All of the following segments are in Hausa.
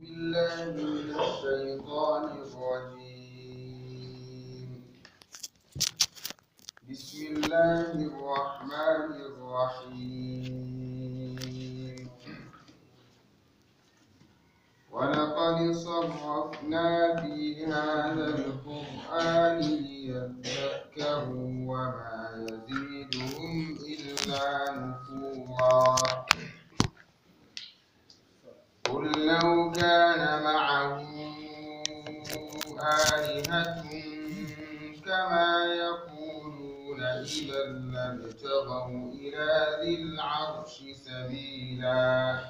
بالله من الشيطان الرجيم بسم الله الرحمن الرحيم ولقد صرفنا في هذا القرآن ليذكروا وما يزيدهم إلا نفورا لو كان معه آلهة كما يقولون إذا لابتغوا إلى ذي العرش سبيلا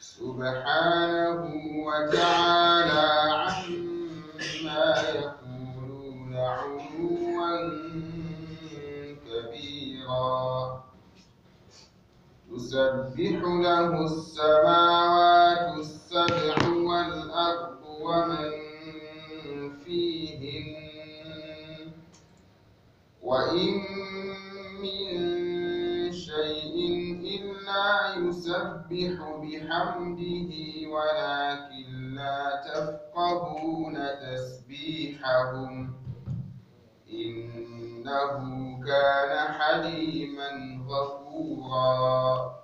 سبحانه وتعالى عما يقولون علوا تسبح له السماوات السبع والأرض ومن فيهن وإن من شيء إلا يسبح بحمده ولكن لا تفقهون تسبيحهم إنه كان حليما غفورا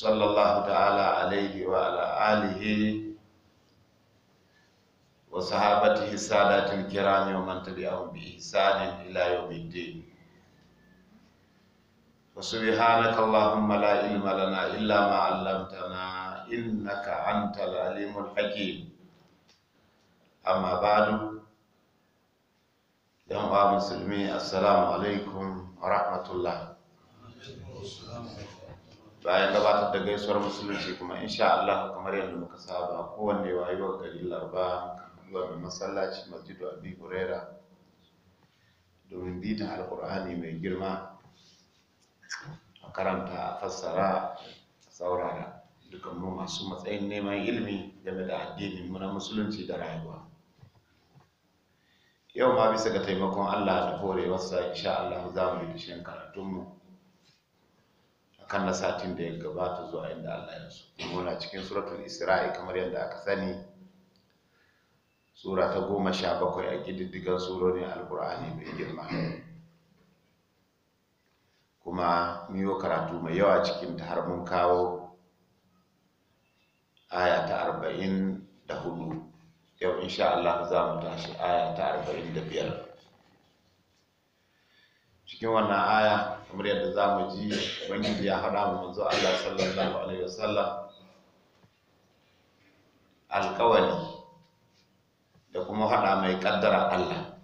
sallallahu ta'ala alaihi wa ala alihi wa sahabatihi sadatil kiram wa man tabi'ahum bi ihsanin ila yawmiddin wa subhanaka allahumma la ilma lana illa ma 'allamtana innaka antal alimul hakim amma ba'du yan uwa musulmi assalamu alaikum wa rahmatullah bayan gabatar da gaisuwar musulunci kuma in sha Allah kamar yadda muka saba kowanne wayewar gari laraba zuwa da masallaci masjidu abi huraira domin bitan alkur'ani mai girma a karanta a fassara a saurara dukkan mu masu matsayin neman ilimi game da addinin mu musulunci da rayuwa yau ma bisa ga taimakon Allah da horewarsa insha Allah za mu yi dishin karatunmu kan na satin da ya gabata zuwa inda Allah ya so muna cikin suratul isra'i kamar yadda aka sani sura ta goma sha bakwai a ƙididdigar surorin alkur'ani mai girma kuma miyo karatu mai yawa cikin ta har mun kawo aya ta arba'in da hudu yau insha Allah za mu tashi aya ta arba'in da biyar cikin wannan aya kamar yadda za mu ji ubangiji ya haɗa mu manzo Allah sallallahu alaihi wasallam alkawali da kuma haɗa mai ƙaddara Allah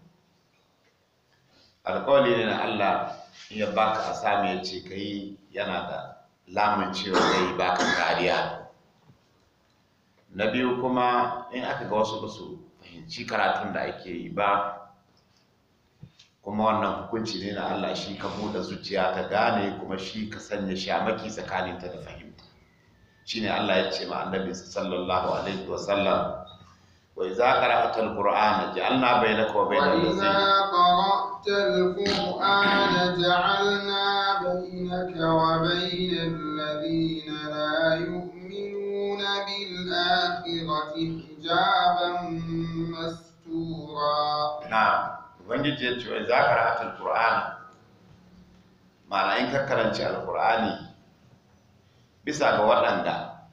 alkawali ne na Allah in ya baka a sami ya ce kai yana da lamun cewa kai baka kariya na biyu kuma in aka ga wasu basu su fahimci karatun da ake yi ba kuma wannan hukunci ne na Allah shi ka buɗe zuciya ka gane kuma shi ka sanya shamaki tsakaninta da fahimta shine Allah ya ce ma annabi sallallahu alaihi wa sallam wa idza qara'ta al-qur'ana ja'alna bainaka wa bainal ladzina qara'ta al-qur'ana ja'alna bainaka wa bainal ladzina la yu'minuna bil akhirati hijaban mastura na'am ubangiji ya ce wai za ka rahatul alkur'ani ma'ana in ka karanci al-Qur'ani. bisa ga waɗanda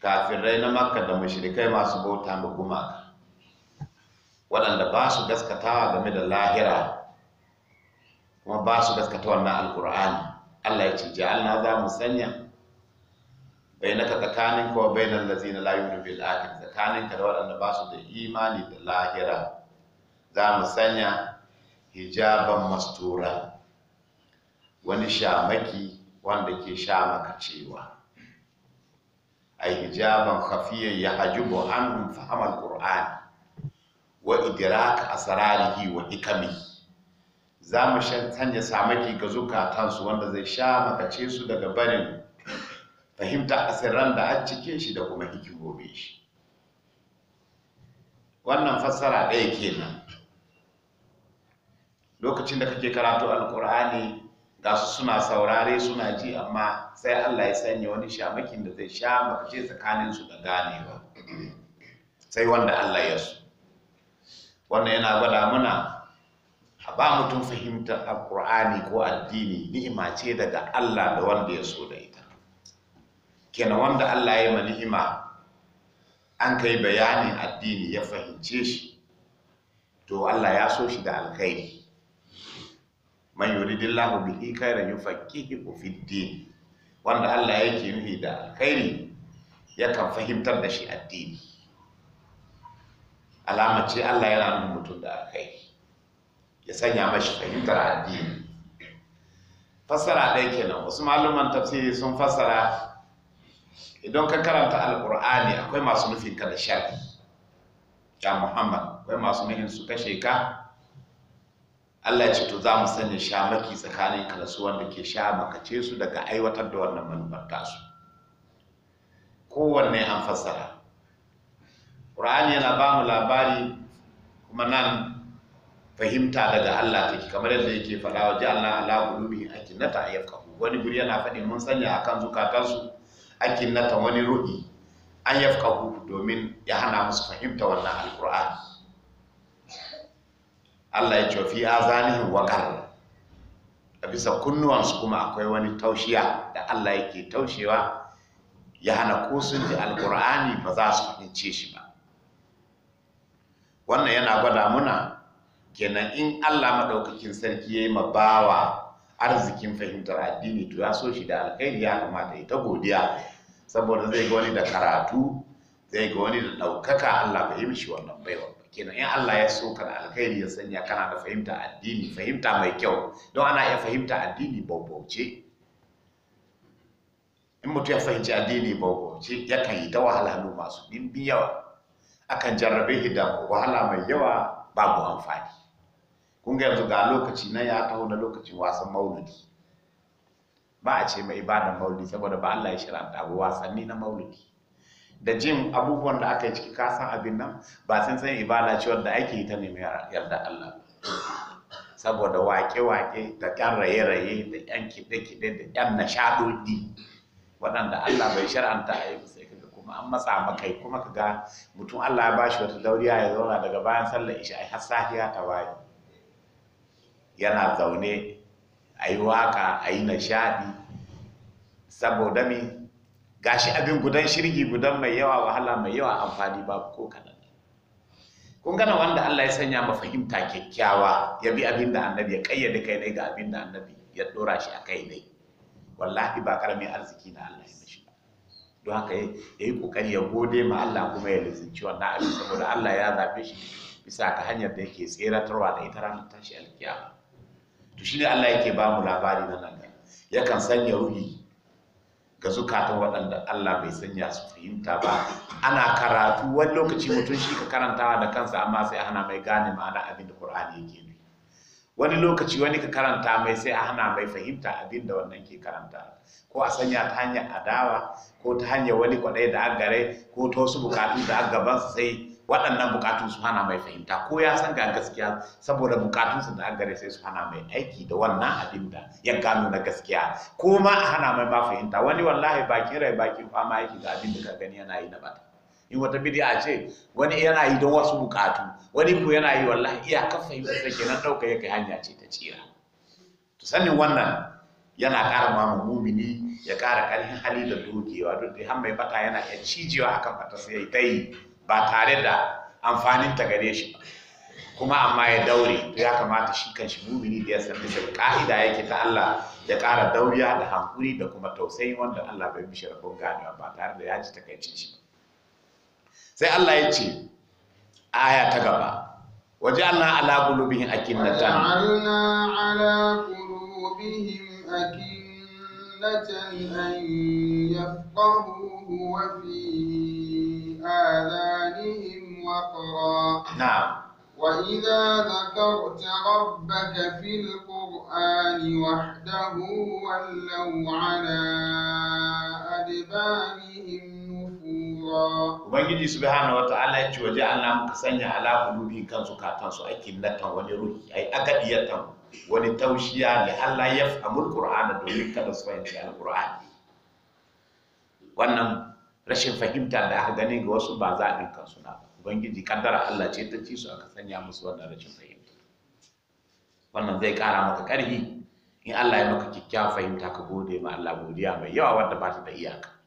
kafirai na makka da mushrikai masu bauta ma gumaka waɗanda ba su gaskatawa game da lahira kuma ba su gaskata al alkur'ani Allah ya ce Allah za mu sanya bainaka tsakaninka wa bainal ladzina la yu'minu bil akhir tsakaninka da waɗanda ba su da imani da lahira za mu sanya hijaban mastura wani shamaki wanda ke shamaka cewa a hijaban hafiyan ya hajjubu an fahimar ƙur'ani wa idiraka sararihi wa Ikami. za mu sanya samaki ga zukatansu wanda zai sha makace su daga barin fahimta asirran da a cike shi da kuma hikimomi shi wannan fassara ɗaya kenan lokacin da kake karatu alkur'ani ga su suna saurare suna ji amma sai Allah ya sanya wani shamakin da zai sha makace tsakanin su da ganewa sai wanda Allah ya so wannan yana gwada mana, a ba mutum fahimtar alkur'ani ko addini ni'ima ce daga Allah da wanda ya so da ita kenan wanda Allah ya ma ni'ima an kai bayanin addini ya fahimce shi to Allah ya so shi da alkhairi man yuridillahu bihi khairan yufaqihuhu fid din wanda Allah yake nufi da alkhairi yakan fahimtar da shi addini alama ce Allah yana nufin mutum da alkhairi ya sanya mashi fahimtar addini fassara ɗaya kenan wasu malaman tafsiri sun fassara idan ka karanta alkur'ani akwai masu nufin ka da sharri ya muhammad akwai masu nufin su kashe ka Allah ya ce to za mu sanya shamaki tsakanin ka su wanda ke shamakace su daga aiwatar da wannan manufar tasu kowanne an fassara Qur'ani yana ba mu labari kuma nan fahimta daga Allah take kamar yadda yake faɗa wa ja'alna ala qulubi akinnata yafqahu wani guri yana faɗi mun sanya akan zukatansu akinnata wani ruhi an domin ya hana musu fahimta wannan alqur'ani Allah ya ce fi azanihim waqar a bisa kunnuwansu kuma akwai wani taushiya da Allah yake taushewa ya hana ko sun ji alkur'ani ba za su fahimce shi ba wannan yana gwada muna kenan in Allah maɗaukakin sarki ya yi ma arzikin fahimtar addini to ya so shi da alkhairi ya kamata ya ta godiya saboda zai ga wani da karatu zai ga wani da ɗaukaka Allah bai yi mishi wannan baiwa kenan in Allah ya so ka alkhairi ya sanya kana da fahimta addini fahimta mai kyau don ana iya fahimta addini baubauce in mutum ya fahimci addini ya kan yi ta no masu ɗimbin yawa akan jarrabe shi da wahala mai yawa babu amfani kun ga yanzu ga lokaci na ya taho na lokacin wasan maulidi ba a ce mai ibadan maulidi saboda ba Allah ya shirya wasanni na maulidi da jin abubuwan da aka yi ciki kasan abin nan ba sun san ibada ce wanda ake yi ta nemi yarda Allah saboda wake-wake da ƴan raye-raye da ƴan kiɗe-kiɗe da ƴan nishaɗoɗi waɗanda Allah bai shar'anta a yi sai kaga kuma an matsa makai kuma kaga mutum Allah ya bashi wata dauriya ya zauna daga bayan sallar isha ai har safiya ta waye yana zaune a yi waka a yi nishaɗi saboda mi gashi abin gudan shirgi gudan mai yawa wahala mai yawa amfani babu ko kadan. kun gana wanda Allah ya sanya ma fahimta kyakkyawa ya bi abin da annabi ya kayyade kai ne ga abin da annabi ya dora shi a kai ne wallahi ba karamin arziki na Allah ya mishi ba don haka ya yi kokari ya gode ma Allah kuma ya lizinci wannan abin saboda Allah ya zabe shi bisa ta hanyar da yake tseratarwa da ita ranar tashi alkiyama to shi ne Allah yake ba mu labari nan nan yakan sanya ruhi ga zukatan waɗanda Allah bai sanya su fahimta ba ana karatu wani lokaci mutum shi ka karantawa da kansa amma sai a hana mai gane ma'ana abin da Qur'ani yake nufi wani lokaci wani ka karanta mai sai a hana mai fahimta abin da wannan ke karanta ko a sanya ta hanyar adawa ko ta hanyar wani kwaɗai da agare ko ta wasu bukatu da agaban sai waɗannan bukatun su hana mai fahimta ko ya san ga gaskiya saboda bukatun su da an gare sai su hana mai aiki da wannan abin da ya gano na gaskiya ko ma a hana mai ma fahimta wani wallahi bakin rai bakin fama yake ga abin da ka gani yana yi na bata in wata bid'a ce wani yana yi don wasu bukatu wani ko yana yi wallahi iya fahimta yi ke kenan dauka yake hanya ce ta tsira to sanin wannan yana ƙara ma mumini ya ƙara ƙarfin hali da dogewa duk da har mai bata yana iya cijewa akan fata sai ta yi ba tare da amfanin ta gare shi ba kuma amma ya daure to ya kamata shi kan shi mumini da ya san bisa ka'ida yake ta Allah ya ƙara dauriya da hankuri da kuma tausayi wanda Allah bai mishi rabon ganewa ba tare da ya ji takaicin shi sai Allah ya ce aya ta gaba waje Allah ala qulubihim akinnatan ja'alna ala qulubihim akinnatan ملة أن يفقهوه وفي آذانهم وقرا نعم وإذا ذكرت ربك في القرآن وحده ولوا على أدبارهم ubangiji wata, wataala ya ce waje Allah muka sanya ala qulubi kansu katan su ake natan wani ruhi ai akadiyatan wani taushiya ne Allah ya fahimul qur'ana domin kada su fahimci alqur'ani wannan rashin fahimta da aka gani ga wasu ba za a kansu suna ba ubangiji kaddara Allah ce ta ci su aka sanya musu wannan rashin fahimta wannan zai kara maka karhi in Allah ya maka kyakkyawan fahimta ka gode ma Allah godiya mai yawa wanda ba ta da iyaka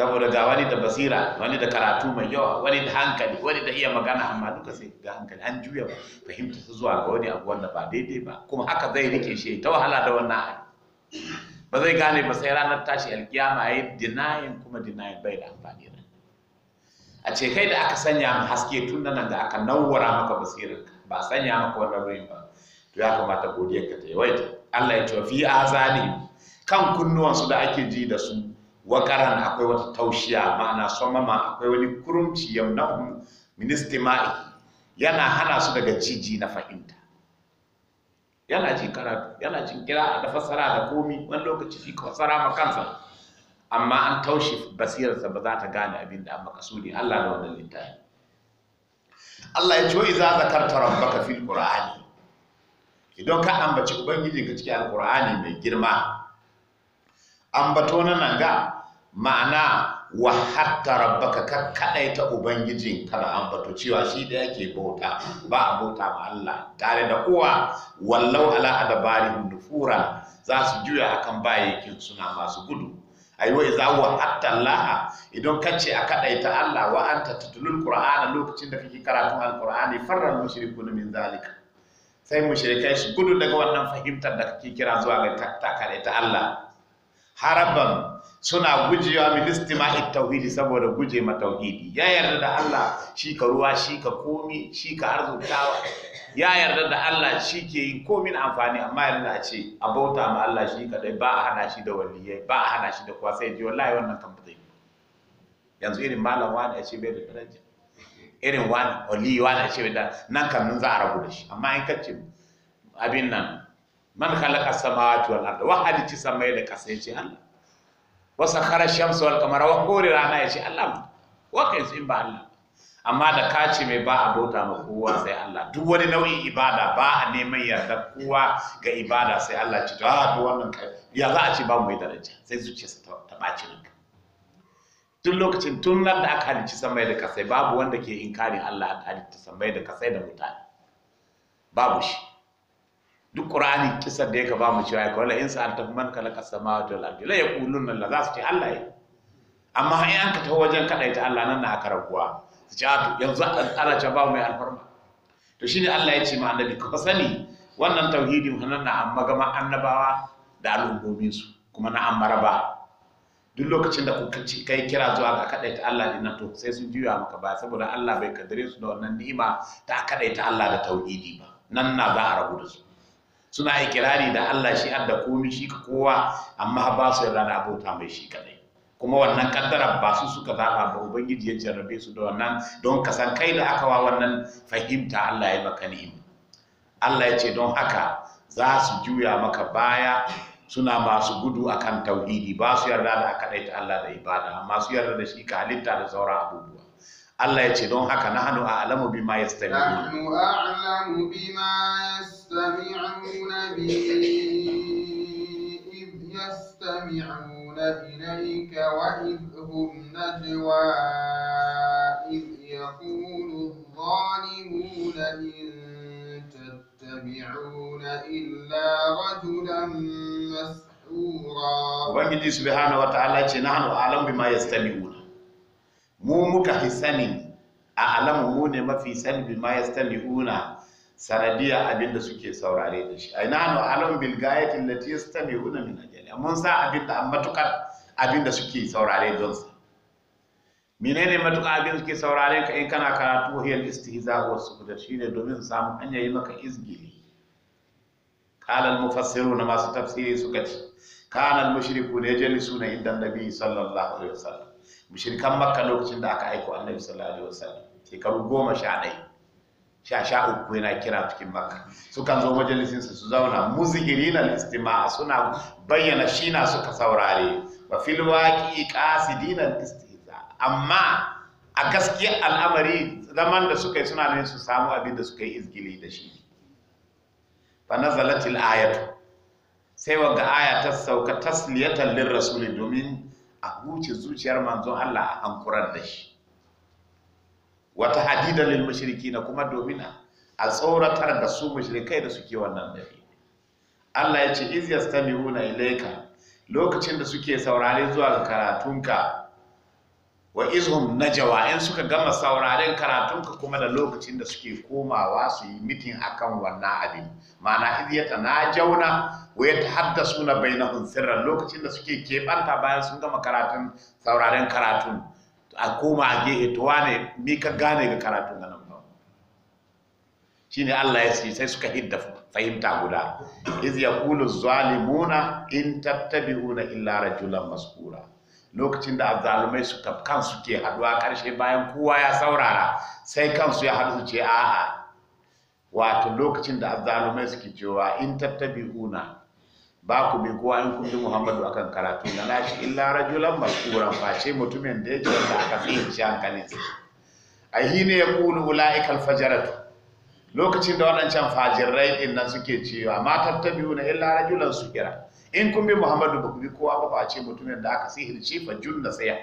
saboda ga wani da basira wani da karatu mai yawa wani da hankali wani da iya magana amma duka sai ga hankali an juya fahimta su zuwa ga wani abu wanda ba daidai ba kuma haka zai rike shi ta wahala da wannan hali ba zai gane ba sai ranar tashi alkiyama yayi denying kuma denying bai da amfani da a ce kai da aka sanya ma haske tun nan da aka nawwara maka basirar ba sanya maka wannan ruhin ba to ya kamata godiyar ka ta yawaita Allah ya ce fi azani kan kunnuwansu da ake ji da su wakaran akwai wata taushiya ma'ana somama akwai wani kurumci yamnahum min istima'i yana hana su daga ciji na fahimta yana ji karatu yana jin kira da fassara da komi wani lokaci shi ka fassara ma kansa amma an taushe basirarsa ba za ta gane abin da amma kasudi Allah da wannan littafi Allah ya ce wa idza zakarta rabbaka fil qur'ani idan ka ambaci ubangijinka cikin alqur'ani mai girma ambato na nan ga ma'ana wa hatta rabbaka ka kadai ta ubangijin kada bato cewa shi da yake bauta ba a bauta ma Allah tare da uwa wallau ala adabari nufura za su juya akan bayyakin suna masu gudu wai za wa hatta Allah idan ka ce a kadai ta Allah wa anta tutulul qur'ana lokacin da kake karatu alqur'ani farran mushrikun min zalika sai mushrikai su gudu daga wannan fahimtar da kake kira zuwa ga ta ta Allah haraban suna gujewa min istima'i tauhidi saboda guje ma tauhidi ya yarda da Allah shi ka ruwa shi ka komi shi ka arzutawa ya yarda da Allah shi ke yin komin amfani amma yarda a ce a bauta ma Allah shi dai ba a hana shi da waliyai ba a hana shi da kuwa sai ji wallahi wannan kan ba zai yanzu irin malam wani ya ce bai da daraja irin wani waliyi wani ya ce bai da nan kan mun za a rabu da shi amma in kace abin nan man khalaqa samawati wal arda wa halici samai da kasa yace Allah wa sakhara shamsa wal qamara wa kore rana yace Allah wa kai in ba Allah amma da ka ce mai ba a bauta ma kowa sai Allah duk wani nau'in ibada ba a neman yarda kowa ga ibada sai Allah ci ta a ah, to wannan kai ya za a ci ba mu mai daraja sai zuciyarsa ta baci ranka tun lokacin tun nan da aka halicci samai da kasai babu wanda ke inkarin Allah aka halicci samai da kasai da mutane babu shi duk qur'ani kisa da yake ba mu cewa ko la in sa'alta man khalaqa samawati wal ardi la yaquluna la za su ce Allah ya amma in an ka ta wajen kadaita Allah nan na aka raguwa su yanzu an tsara ce ba mai alfarma to shine Allah ya ce ma annabi ka sani wannan tauhidin hanan na amma gama annabawa da al'ummomin su kuma na ba duk lokacin da kuka ci kai kira zuwa ga kadaita Allah din nan to sai sun juya maka ba saboda Allah bai kaddare su da wannan ni'ima ta kadaita Allah da tauhidi ba nan na za a rabu da su suna kirari da Allah shi adda komi shi ka kowa amma ba su yarda da abota mai shi kadai kuma wannan kaddara ba su suka zaba ba ubangiji ya jarrabe su da wannan don ka san kai da aka wa wannan fahimta Allah ya maka ni'ima Allah ya ce don haka za su juya maka baya suna masu gudu akan tauhidi ba su yarda da aka ta Allah da ibada amma su yarda da shi ka halitta da sauran abubuwa Allah ya ce don haka nahnu a'lamu bima yastabiqun nahnu a'lamu bima يستمعون بي إذ يستمعون إليك وإذ هم نجوى إذ يقول الظالمون إن تتبعون إلا رجلا مسحورا وبنجي سبحانه وتعالى نحن وعالم بما يستمعون مو muka أعلم sani a في سن بما يستمعون Sanadiyya abin da suke saurare da shi aina no alam bil gayati lati yastami'una min ajali mun sa abin da matukar abin da suke saurare don sa menene matukar abin suke saurare ka in kana karatu hiyal istihza wa sukuta shine domin samu hanya yi maka izgili قال المفسرون ما تفسيري سكت كان المشركون يجلسون عند inda nabi sallallahu alaihi wasallam mushrikan makka lokacin da aka aiko annabi sallallahu alaihi wasallam shekaru goma sha ɗaya sha sha uku yana kira cikin baka sukan zo majalisin su zauna na listima suna bayyana shi na suka saurare wa fil kasi, qasidina amma a gaskiyar al'amari zaman da suka yi suna ne su samu abin da suka yi izgili da shi fa nazalatil ayatu sai wanga aya ta sauka tasliyatan lirrasuli domin a huce zuciyar manzon Allah a hankurar da shi wata hadida lil mushrikina kuma domin a tsoratar da su mushrikai da suke wannan dare Allah ya ce iz yastami'una ilayka lokacin da suke saurare zuwa ga karatunka wa izhum najwa in suka gama sauraren karatunka kuma da lokacin da suke komawa su yi mitin akan wannan abin ma'ana iz yatanajawna wa na bainahum sirran lokacin da suke keɓanta bayan sun gama karatun sauraren karatun a koma a gehe to wane mi ka gane ga karatun nan ba shine Allah ya sai suka hidda fahimta guda iz yaqulu zalimuna in tattabi'una illa rajulan maskura lokacin da azzalumai suka kansu ke haduwa karshe bayan kowa ya saurara sai kansu ya haɗu ce a'a wato lokacin da azzalumai suke cewa in tattabi'una ba ku bi kowa in kun bi Muhammadu akan karatu na lashi illa rajulan mashkuran face mutumin da yake da aka fi tsinci hankalin sa ai ne ya kulu ulaikal fajarat lokacin da wadancan fajirai din nan suke cewa ma na illa rajulan sukira in kun bi Muhammadu ba ku bi kowa ba face mutumin da aka sihirce fa junna sai ya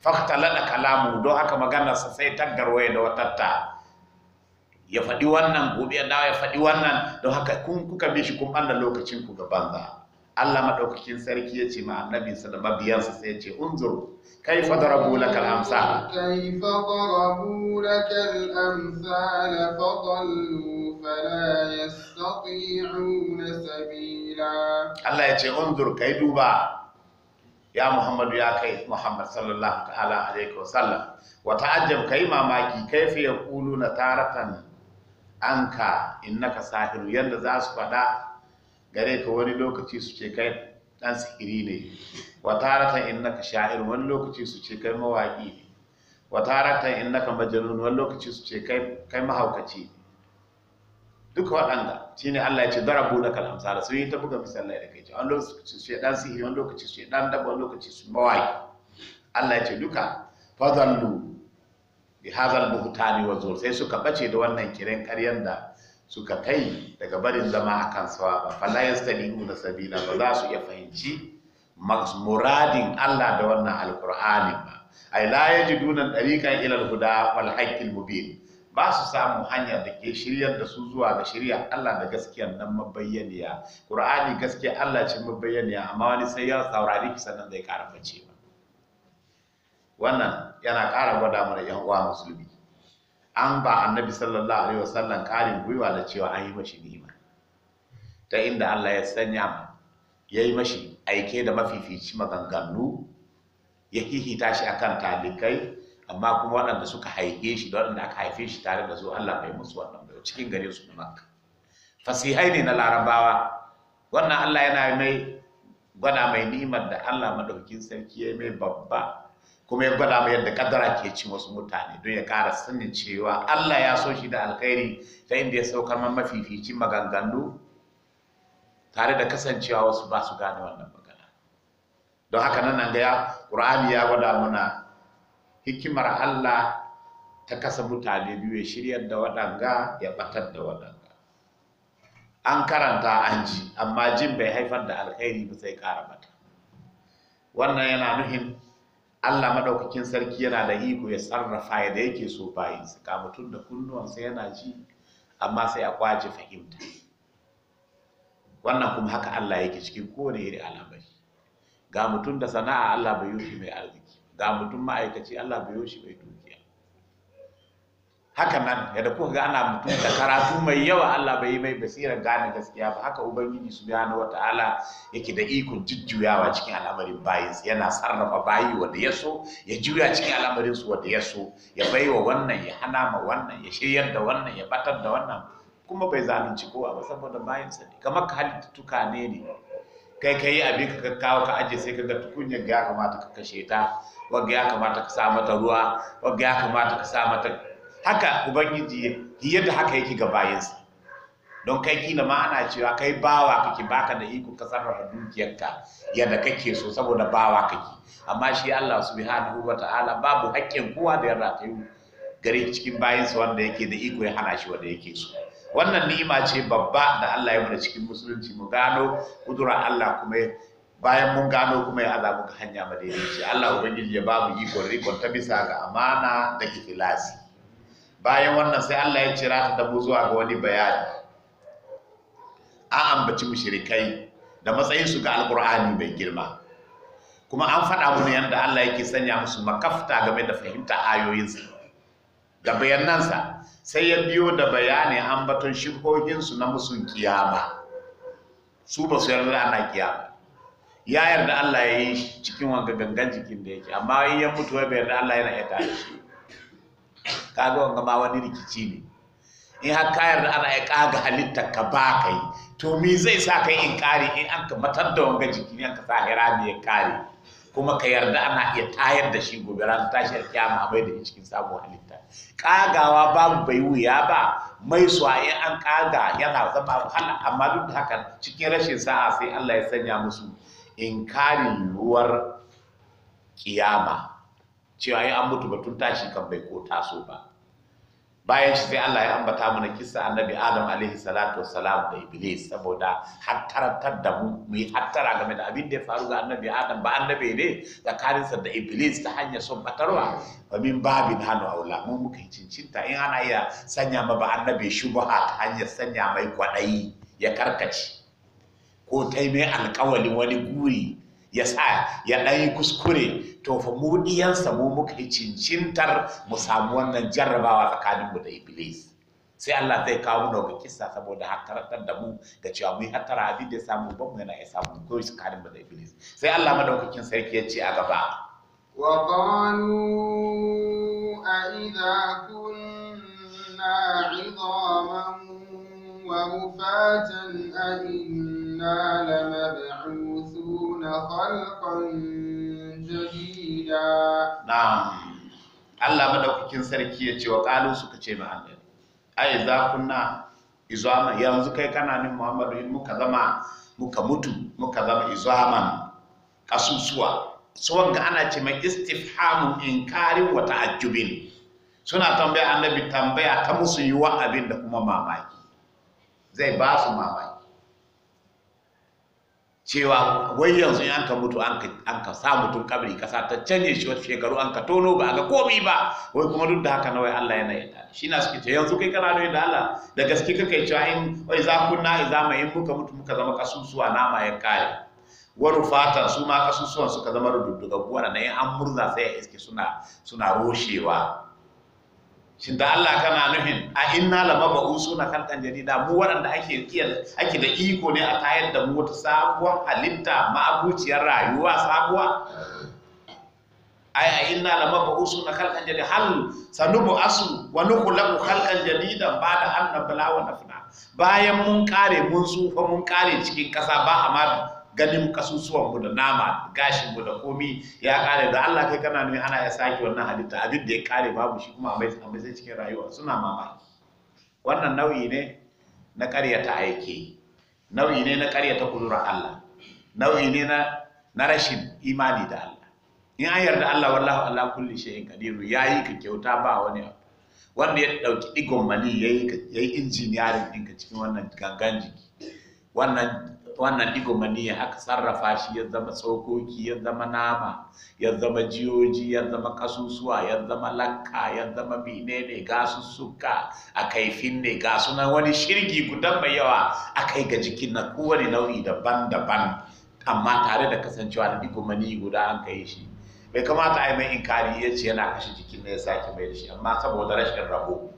fa faktalada kalamu don haka maganarsa sai taggarwaye da watatta ya faɗi wannan gobe ya dawo ya faɗi wannan don haka kun kuka bi shi kun banda lokacin ku ga banza Allah maɗaukakin sarki ya ce ma annabi sa da mabiyansa sai ya ce unzur fa darabu al-amsa kai fa darabu lakal amsal fa dallu fala yastati'una sabila Allah ya ce unzur kai duba ya Muhammadu ya kai Muhammad sallallahu ta'ala alaihi wasallam wa ta'ajjab kai mamaki kaifa yaquluna taratan anka innaka sahiru yadda za su faɗa gare ka wani lokaci su ce kai dan sihiri ne wa in innaka sha'ir wani lokaci su ce kai mawaki ne wa in innaka majnun wani lokaci su ce kai kai mahaukaci ne duka waɗanda shine Allah ya ce darabu na kal amsala sun yi ta buga misalai da kai ce wani lokaci su ce dan sihiri wani lokaci su ce dan daba wani lokaci su mawaki Allah ya ce duka fadallu bi hazal buhtani wa zur sai suka bace da wannan kiran ƙaryan da suka kai daga barin zama a kan sawaba fala da sabila ba za su iya fahimci muradin Allah da wannan alqur'ani ba ai la yajiduna tariqan ila alhuda huda wal haqqil mubin ba su samu hanya da ke shiryar da su zuwa ga shirya Allah da gaskiyar nan mabayyaniya Qur'ani gaskiya Allah ce mabayyaniya amma wani sai ya saurari ki nan zai kara ba. wannan yana ƙara gwada mana yan uwa musulmi an ba annabi sallallahu alaihi wasallam ƙarin gwiwa da cewa an yi mashi nima ta inda Allah ya sanya ya yi mashi aike da mafifici maganganu ya hihita shi akan talikai amma kuma waɗanda suka haife shi da waɗanda aka haife shi tare da su Allah bai musu wannan bai cikin gare su kuma fasihai ne na larabawa wannan Allah yana mai gwada mai ni'imar da Allah madaukin sarki ya mai babba kuma ya gwada mai yadda kadara ke ci wasu mutane don ya kara sanin cewa Allah ya so shi da alkhairi ta inda ya saukar man mafificin maganganu tare da kasancewa wasu ba su gane wannan magana don haka nan ga ya Qur'ani ya gwada mana hikimar Allah ta kasa mutane biyu ya shirya da waɗanga ya batar da waɗanga an karanta an ji amma jin bai haifar da alkhairi ba sai ƙara bata wannan yana nuhin Allah maɗaukakin sarki yana da iko ya sarrafa da yake so bayan su ka mutum da kunnuwansa yana ji amma sai a kwaje fahimta wannan kuma haka Allah yake cikin kowane iri al'amari ga mutum da sana'a Allah bai yoshi mai arziki ga mutum ma'aikaci Allah bai yoshi mai haka nan yadda kuka ga ana mutum da karatu mai yawa Allah bai yi mai basirar gane gaskiya ba haka ubangiji wata wataala yake da ikon jujjuyawa cikin al'amarin bayin yana sarrafa bayi wanda ya so ya juya cikin al'amarin su wanda ya so ya baiwa wannan ya hana ma wannan ya shiryar da wannan ya batar da wannan kuma bai zalunci kowa ba saboda bayin sa kamar ka halittuka ne ne kai ka yi abin ka kawo ka aje sai ka ga tukunyar ga ya kamata ka kashe ta wagga ya kamata ka sa mata ruwa wagga ya kamata ka sa mata haka ubangiji yadda haka yake ga bayansa don kai kila ma ana cewa kai bawa kake baka da iko ka sarrafa dukiyarka yadda kake so saboda bawa kake amma shi Allah subhanahu wata'ala babu haƙƙin kowa da ya ratayu gare cikin bayansa wanda yake da iko ya hana shi wanda yake so wannan ni'ima ce babba da Allah ya mana cikin musulunci mu gano kudura Allah kuma bayan mun gano kuma ya azabu ga hanya madaidaici Allah ubangiji ya babu iko rikon ta bisa ga amana da ikhlasi bayan wannan sai Allah ya cira ta dabu zuwa ga wani bayani an ambaci mushrikai da matsayinsu ga alkur'ani bai girma kuma an faɗa mana yadda Allah yake sanya musu makafta game da fahimta ayoyinsa da bayanansa sai ya biyo da bayani ambaton shirkokinsu na musun kiyama su ba su yarda ana kiyama ya yarda Allah ya yi cikin wanga gangan jikin da yake amma in ya mutu bai yarda Allah yana ya tashi kaga wanga ma wani rikici ne in har ka yarda ana ya kaga halitta ka ba kai to me zai sa kai in kare in an ka matar da wanga jiki ne an ka ya kare kuma ka yarda ana iya tayar da shi gobe ran tashi kiyama a bai da cikin sabon halitta kagawa babu bai wuya ba mai suwa in an kaga yana zama wahala amma duk da haka cikin rashin sa'a sai Allah ya sanya musu inkarin ruwar kiyama cewa in an mutu ba tun tashi kan bai ko taso ba bayan shi sai Allah ya ambata mana kisa annabi Adam alaihi salatu wassalam da Iblis saboda hattarantar da mu mu yi hattara game da abin da ya faru ga annabi Adam ba annabi ne tsakaninsa da Iblis ta hanyar son batarwa wa min babin hannu aula mu muka cincinta in ana iya sanya ma ba annabi shubha ta hanyar sanya mai kwaɗayi ya karkace ko ta mai alkawalin wani guri ya sa ya ɗayi kuskure to fa mu sa mu muka yi cincintar mu samu wannan jarrabawa mu da iblis sai Allah zai kawo mu daga kissa saboda hatarar da mu da cewa mu hatara abin da ya samu ba mu yana isa samu ko tsakaninmu da iblis sai Allah madaukakin sarki ya ce a gaba a kunna أإذا wa mufatan a inna lamab'uthuna khalqan جديدا Allah madaukakin sarki ya ce wa ƙalu suka ce ma annabi ai za kunna izama yanzu kai kana nin Muhammadu in muka zama muka mutu muka zama izaman kasusuwa Su wanga ana ce mai in inkarin wa ta'ajjubin suna tambaya annabi tambaya ta musu yi wa abin da kuma mamaki zai ba su mamaki cewa wai yanzu an ka mutu an ka sa mutum kabri kasa ta canye shi wata shekaru an ka tono ba a ga komi ba wai kuma duk da haka na wai Allah yana yarda shi na suke ce yanzu kai kana da da Allah da gaske kake cewa in wai za ku na za mu in muka mutu muka zama kasusuwa nama ya kare waru fatan su ma kasusuwan suka zama rududduga buwa na yin an murza sai ya iske suna suna roshewa shin da Allah kana nufin a inna la mabusu na kalkan jarida mu waɗanda ake ake da iko ne a tayar da mu wata sabuwar halitta ma'abuciyar rayuwa sabuwa ai a inna la mabusu na kalkan jarida hal sanubu asu wa nukhlaqu kalkan jarida ba'da an nabla wa nafna bayan mun kare mun tsufa mun kare cikin kasa ba amma Ganin kasusuwan mu da nama gashin mu da komi ya kare da Allah kai kana ne ana ya sake wannan halitta abin da ya kare babu shi kuma amai sai cikin rayuwa suna mamaki wannan nau'i ne na ƙaryata aiki nau'i ne na ƙaryata kudura Allah nau'i ne na na rashin imani da Allah in an yarda Allah wallahi ala kulli shay'in qadiru yayi ka kyauta ba wani wanda ya dauki digon mali yayi yayi injiniyarin din ka cikin wannan gangan jiki wannan wannan ya aka sarrafa shi ya zama tsokoki ya zama nama ya zama jiyoji ya zama kasusuwa ya zama lakka ya zama bine ne gasussuka a kaifin ne ga sunan wani shirgi gudan mai yawa a kai ga jikin na kowane nau'i daban-daban amma tare da kasancewa da digomani guda an kai shi bai kamata a yi mai inkari ya ce yana kashe jikin ne ya sake mai da shi amma saboda rashin rabo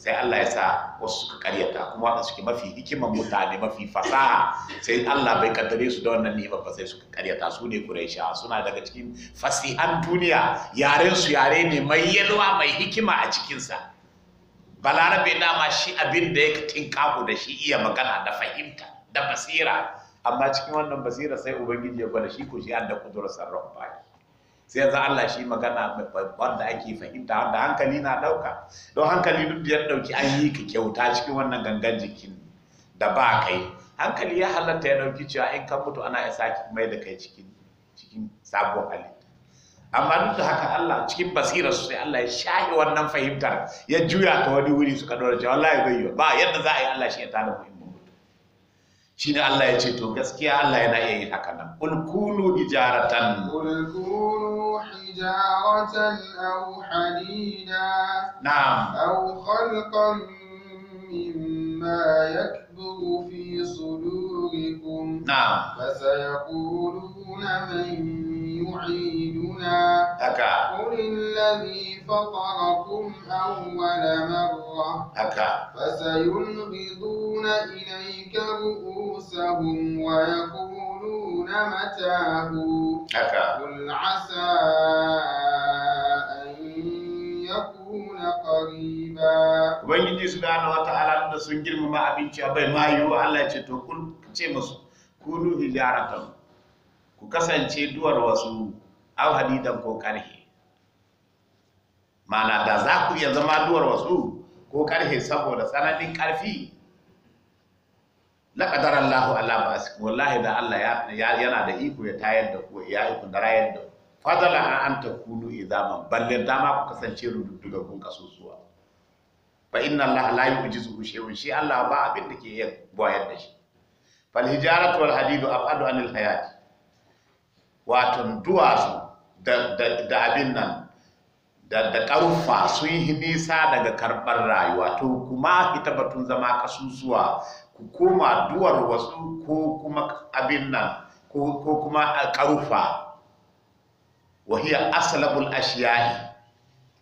sai Allah ya sa wasu suka karyata kuma waɗanda suke mafi hikimar mutane mafi fasaha sai Allah bai kaddare su da wannan ni'imar ba sai suka karyata su ne Quraysha suna daga cikin fasihan duniya yaren su yare ne mai yalwa mai hikima a cikin sa Balarabe dama shi abin da ya tinkabu da shi iya magana da fahimta da basira amma cikin wannan basira sai ubangiji ya gwada shi ko shi an da kudurar sarrafa sai yanzu Allah shi magana babban da ake fahimta wanda hankali na ɗauka don hankali duk da ya ɗauki an yi ka kyauta cikin wannan gangan jikin da ba kai hankali ya halatta ya ɗauki cewa in ka mutu ana ya sake mai da kai cikin cikin sabon halitta amma duk da haka Allah cikin basira sai Allah ya shahi wannan fahimtar ya juya ta wani wuri suka ɗora cewa wallahi bai yi ba yadda za a yi Allah shi ya tada muhimmi shi Allah ya ce to gaskiya Allah yana iya yin haka nan kul kunu hijaratan kul kunu hijaratan aw hadida na'am aw khalqan mimma yakbu fi sudurikum na'am sayaquluna man يعيدنا قل الذي فطركم أول مرة فسينغضون إليك رؤوسهم ويقولون متاه قل عسى أن يكون قريبا Ubangiji subhanahu wa ta'ala da sun girmama abinci a bai mayu Allah ce to kun ce musu kulu hijaratan kasance duwar wasu au hadidan ko karhe mana da za ku iya zama duwar wasu ko karhe saboda tsananin karfi laƙadar Allahu ala basiku wallahi da Allah yana da iko ya tayar da ku ya iko da rayar da fadala an takunu idaman balle dama ku kasance rududdugar kun kasusuwa fa inna Allah la yujizu shay'un shi Allah ba abinda ke yi bayar da shi fal hijaratu wal hadidu afadu anil hayati wato duwatsu da abin nan da ƙarfa sun yi nisa daga karɓar rayuwa to kuma ita batun zama kasusuwa ku koma duwar wasu ko kuma abin nan ko kuma ƙarfa wahiya asalabul ashiyahi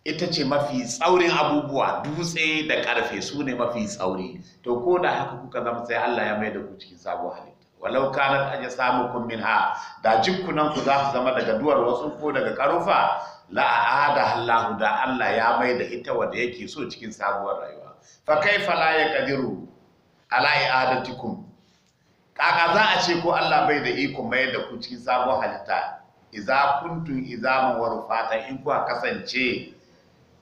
ita ce mafi tsaurin abubuwa dutse da ƙarfe su ne mafi tsauri to ko da haka kuka zama sai Allah ya mai da ku cikin sabuwar halitta walau kanat ajsamukum ha. da jikunan ku za su zama daga duwar wasu ko daga karufa la aada Allahu da Allah ya mai da ita wanda yake so cikin sabuwar rayuwa fa kaifa la yaqdiru ala i'adatikum kaka za a ce ko Allah bai da iko mai da ku cikin sabuwar halitta idza kuntum izaman wa in kuka kasance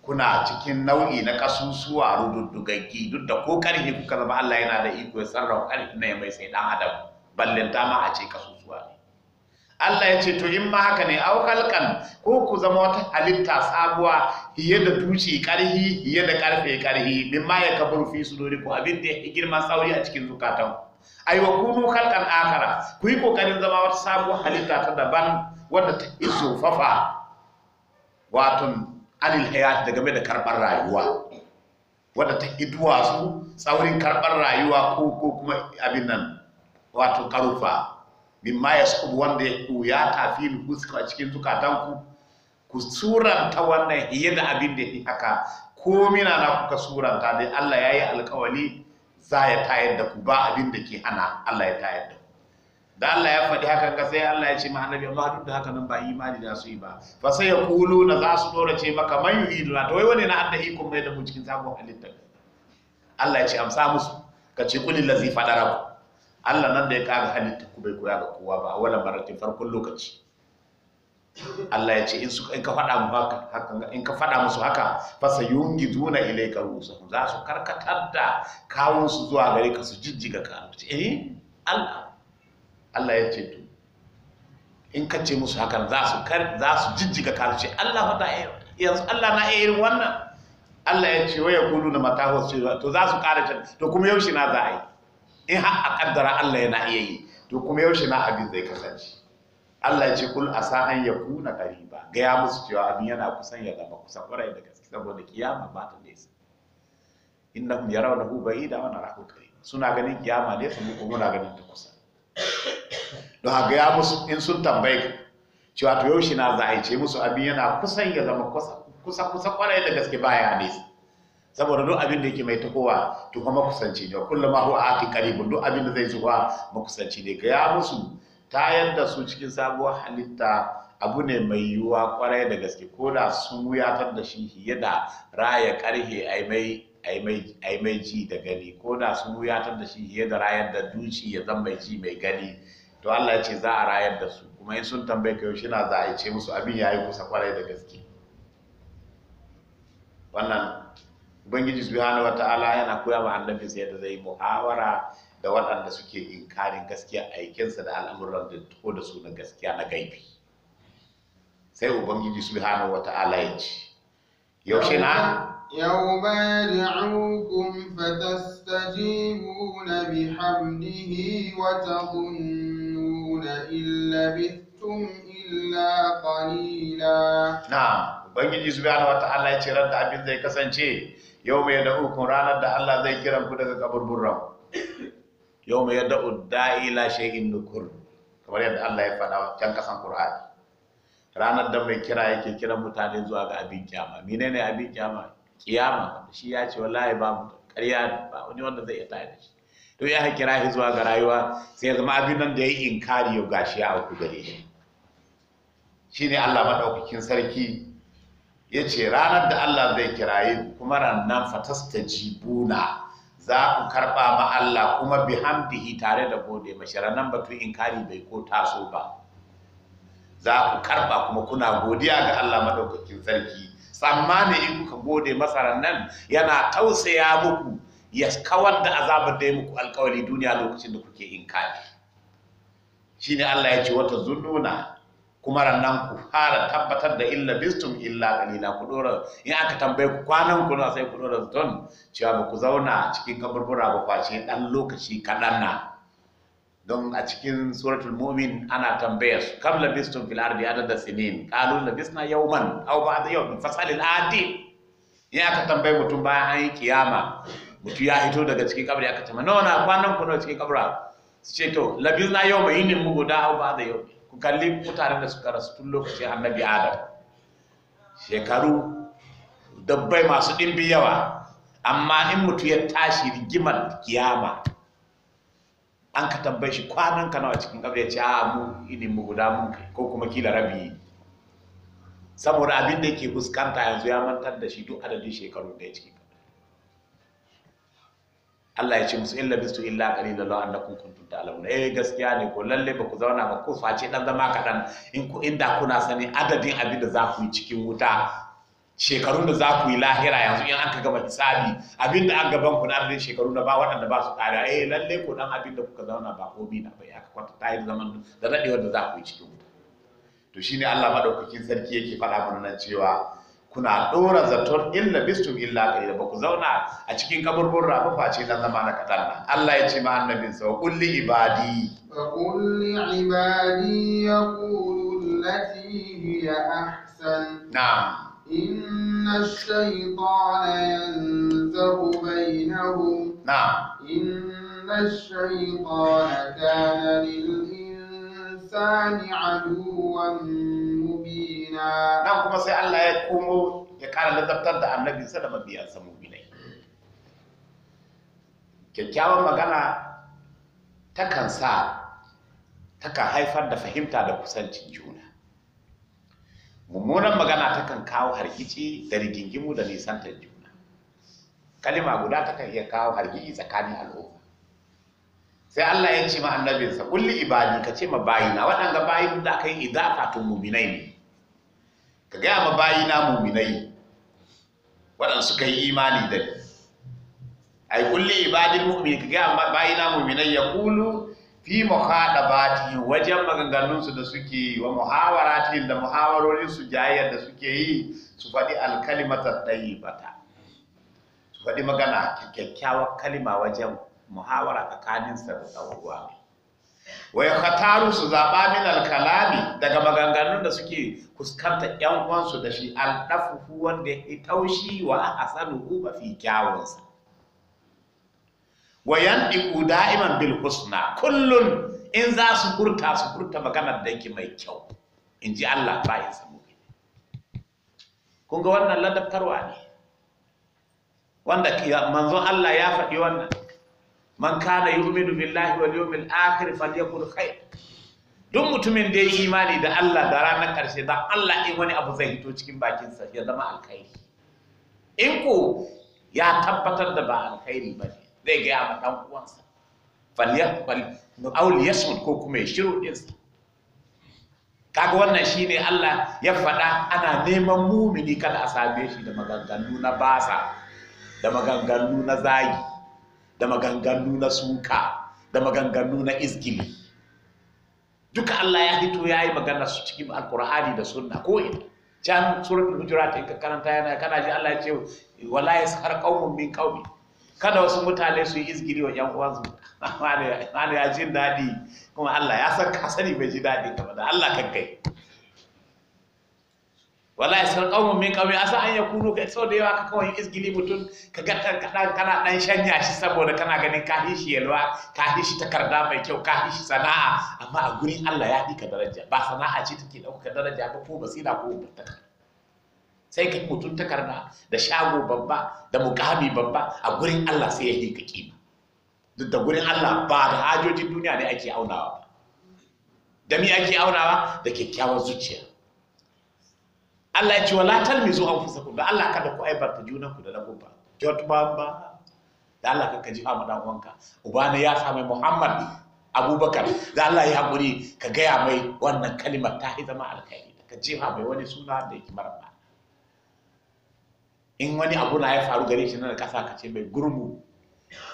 kuna cikin nau'i na kasusuwa rududdugaggi duk da ko karhi kuka zama Allah yana da iko ya sarrafa karhi ne mai sai dan adam Ballin ma a ce kasusuwa ne Allah ya ce to in ma haka ne au halkan ko ku zama wata halitta sabuwa hiye da tuci karhi hiye da karfe karhi min ma ya kabur fi sudori ko abin da ya girma sauri a cikin zukatan ai wa kunu halkan akara ku yi kokarin zama wata sabuwa halitta ta daban wadda ta iso fafa waton anil hayat da game da karbar rayuwa wadda ta iduwa su tsaurin karbar rayuwa ko kuma abin nan wato karufa ma ya subu wanda ya kuya tafi nufuska a cikin zukatanku ku suranta wannan hiye da abin da ya haka ko mina na kuka suranta dai Allah ya yi alkawali za ya tayar da ku ba abin da ke hana Allah ya tayar da ku da Allah ya faɗi hakan ka sai Allah ya ce ma annabi Allah duk da haka nan ba imani da su yi ba fa sai ya kulu na za su dora ce maka man yuhidu na to wai wani na adda ikon mai da mu cikin sabon halitta Allah ya ce amsa musu ka ce kulil ladzi ku Allah nan da ya kaga halitta ku bai koya ga kowa ba wala maratin farkon lokaci Allah ya ce in su in ka faɗa mu haka haka in ka faɗa musu haka fa sayungiduna ilayka rusahum za su karkatar da kawun su zuwa gare ka su jijjiga ka eh Allah Allah ya ce to in ka ce musu haka za su kar za su jijjiga ka ce Allah fa yanzu Allah na yi wannan Allah ya ce waya kuluna matahu to za su ƙara to kuma yaushe na za a yi in har a kaddara Allah yana iya yi to kuma yaushe na abin zai kasance Allah ya ce kul asa an yakuna qariba ga ya musu cewa abin yana kusan ya zama kusan kwarai da gaske saboda kiyama ba ta nesa innahum yarawnahu ba'ida wa narahu qarib suna ganin kiyama ne su kuma muna ganin ta kusa don haka ya musu in sun tambaye ka cewa to yaushe na za a ce musu abin yana kusan ya zama kusa kusa kwarai da gaske baya nesa saboda duk abin da yake mai tahowa to kuma kusanci ne kullum ma huwa aki qarib duk abin da zai zuwa makusanci ne ga musu ta da su cikin sabuwar halitta abu ne mai yiwuwa kwarai da gaske ko da sun wuyatar da shi fiye da raya karhe ai mai ji da gani ko da sun wuyatar da shi fiye da rayar da duci ya zama mai ji mai gani to Allah ya ce za a rayar da su kuma in sun tambaye ka yaushe na za a ce musu abin yayi kusa kwarai da gaske wannan ubangiji subhanahu ala yana koya ma annabi sai da zai muhawara da waɗanda suke inkarin gaskiya aikinsa da al'amuran da ko da su na gaskiya na gaibi sai ubangiji subhanahu wataala ya ce yaushe na يوم يدعوكم فتستجيبون بحمده وتظنون illa لبثتم illa قليلا na ubangiji subhanahu wataala ya ce ran da abin zai kasance yau mai yadda ukun ranar da Allah zai kiran ku daga kaburburan yau mai yadda udda'i la shay'in nukur kamar yadda Allah ya faɗa can kasan Qur'ani ranar da mai kira yake kiran mutane zuwa ga abin mine menene abin kyama kiyama shi ya ce wallahi ba mu ƙarya ba wani wanda zai iya tare da shi to ya kira shi zuwa ga rayuwa sai ya zama abin nan da ya yi inkari yau gashi ya auku gare shi shine Allah madaukakin sarki ya ce ranar da Allah zai kiraye ku kuma rannan fatasta jibuna za ku karɓa ma Allah kuma bi hamdihi tare da gode mashi ranar batu inkari bai ko taso ba za ku karɓa kuma kuna godiya ga Allah madaukakin sarki tsammani in kuka gode masa rannan yana tausaya muku ya kawar da azabar da ya muku alkawari duniya lokacin da kuke inkari shine Allah ya ce wata zununa kuma rannan ku fara tabbatar da illa bistum illa kalila ku dora in aka tambaye ku kwanan ku na sai ku dora zaton cewa ba ku zauna cikin kaburbura ba kwace dan lokaci kadan na don a cikin suratul mumin ana tambaya su kam labistum fil ardi adada sinin qalu labisna yawman aw ba'da yawm fasal al adi in aka tambaye mutum bayan an yi kiyama mutum ya hito daga cikin kabri aka tambaye nawa na kwanan ku na cikin kabra su ce to labisna yawma yinin mu guda aw ba'da yawm ku kalli mutanen da suka rasu tun lokacin annabi adam shekaru dabbai masu ɗimbi yawa amma in mutu ya tashi rigimar kiyama an ka tambaye shi kwanan ka nawa cikin kabri ya ce a ah, mu ini mu guda mun ko kuma kila rabi saboda abin da yake fuskanta yanzu ya mantar da shi duk adadin shekaru da ya ciki Allah ya ce musu illa bisu illa qalila law annakum kuntum ta'lamun eh gaskiya ne ko lalle ba ku zauna ba ku face dan zama kaɗan in ku inda kuna sani adadin abin da za ku yi cikin wuta shekarun da za ku yi lahira yanzu in an ka gama hisabi abin da an gaban ku na adadin shekaru na ba waɗanda ba su ƙara eh lalle ko dan abin da kuka zauna ba ko bi na bai aka kwata ta yi zaman da daɗewar da za ku yi cikin wuta to shine Allah madaukakin sarki yake faɗa mana cewa kuna ɗora zaton illa bistum illa qalila ba ku zauna a cikin kaburbun ba face na zama na kadan Allah ya ce ma annabin sa kulli ibadi wa kulli ibadi yaqulu allati hiya ahsan na'am inna ash-shaytana yanzahu bainahum na'am inna ash-shaytana kana lil insani aduwwan mu'minina nan kuma sai Allah ya komo ya kara ladabtar da annabinsa da mabiyansa binai. kyakkyawan magana takan sa takan haifar da fahimta da kusanci juna mummunan magana takan kawo hargitsi da rigingimu da nisantar juna kalima guda takan iya kawo hargici tsakanin al'umma sai Allah ya ce ma annabinsa kulli ibadi ka ce ma bayina waɗanda bayin da aka yi idafa tun muminai ne ka gaya ma bayi na muminai waɗanda suka yi imani da ni ai kulli ibadin mu'min ka gaya ma bayi na muminai ya kulu fi muhadabati wajen maganganunsu da suke yi wa muhawarati da muhawarorin su jayyar da suke yi su faɗi alkalimata tayyibata su faɗi magana kyakkyawar kalima wajen muhawara tsakaninsa da ɗan uwa Wai yakhtaru su zaba min alkalami daga maganganun da suke kuskanta yan uwansu da shi al wanda ya taushi wa ahsanu mafi kyawunsa wa yandiku da'iman bil husna kullun in za su furta su furta maganar da yake mai kyau in ji Allah bayan samu kun ga wannan ladabtarwa ne wanda manzon Allah ya faɗi wannan man kana yu'minu billahi wal yawmil akhir falyakul khair duk mutumin da ya yi imani da Allah da ranar karshe dan Allah in wani abu zai hito cikin bakinsa ya zama alkhairi in ko ya tabbatar da ba alkhairi ba ne zai ga ya dan uwansa falyakul aul yasmut ko kuma ya shiru dinsa kaga wannan shine Allah ya faɗa ana neman mumini kada a same shi da maganganu na basa da maganganu na zagi da maganganu na suka da maganganu na izgili duka Allah ya hito ya yi magana su cikin alkur'ani da sunna ko ina can suratul hujurat in ka karanta yana kana ji Allah ya ce wala yaskhar qaumun min qaumi kada wasu mutane su yi izgili wa yan uwansu ana ya jin daɗi kuma Allah ya san ka sani bai ji dadi ka da Allah kan kai wallahi sar kawo min a asa an kuno ka so da yawa ka kawai isgili mutum ka ga kana dan shanya shi saboda kana ganin ka shi yalwa ka shi takarda mai kyau ka shi sana'a amma a gurin Allah ya ka daraja ba sana'a ce take ka daraja ba ko basira ko takarda sai ka mutum takarda da shago babba da mukami babba a gurin Allah sai ya yi ka kima duk da gurin Allah ba da hajojin duniya ne ake aunawa ba da mi ake aunawa da kyakkyawan zuciya Allah ya ce wala talmizu anfusakum da Allah kada ku juna ku da lagubba jot bamba da Allah ka kaji amma dan uwanka ubana ya sa Muhammad Abubakar da Allah ya haƙuri ka gaya mai wannan kalimar ta yi zama alkhairi ka jefa mai wani suna da yake mara in wani abu na ya faru gare shi na kasa ka ce mai gurmu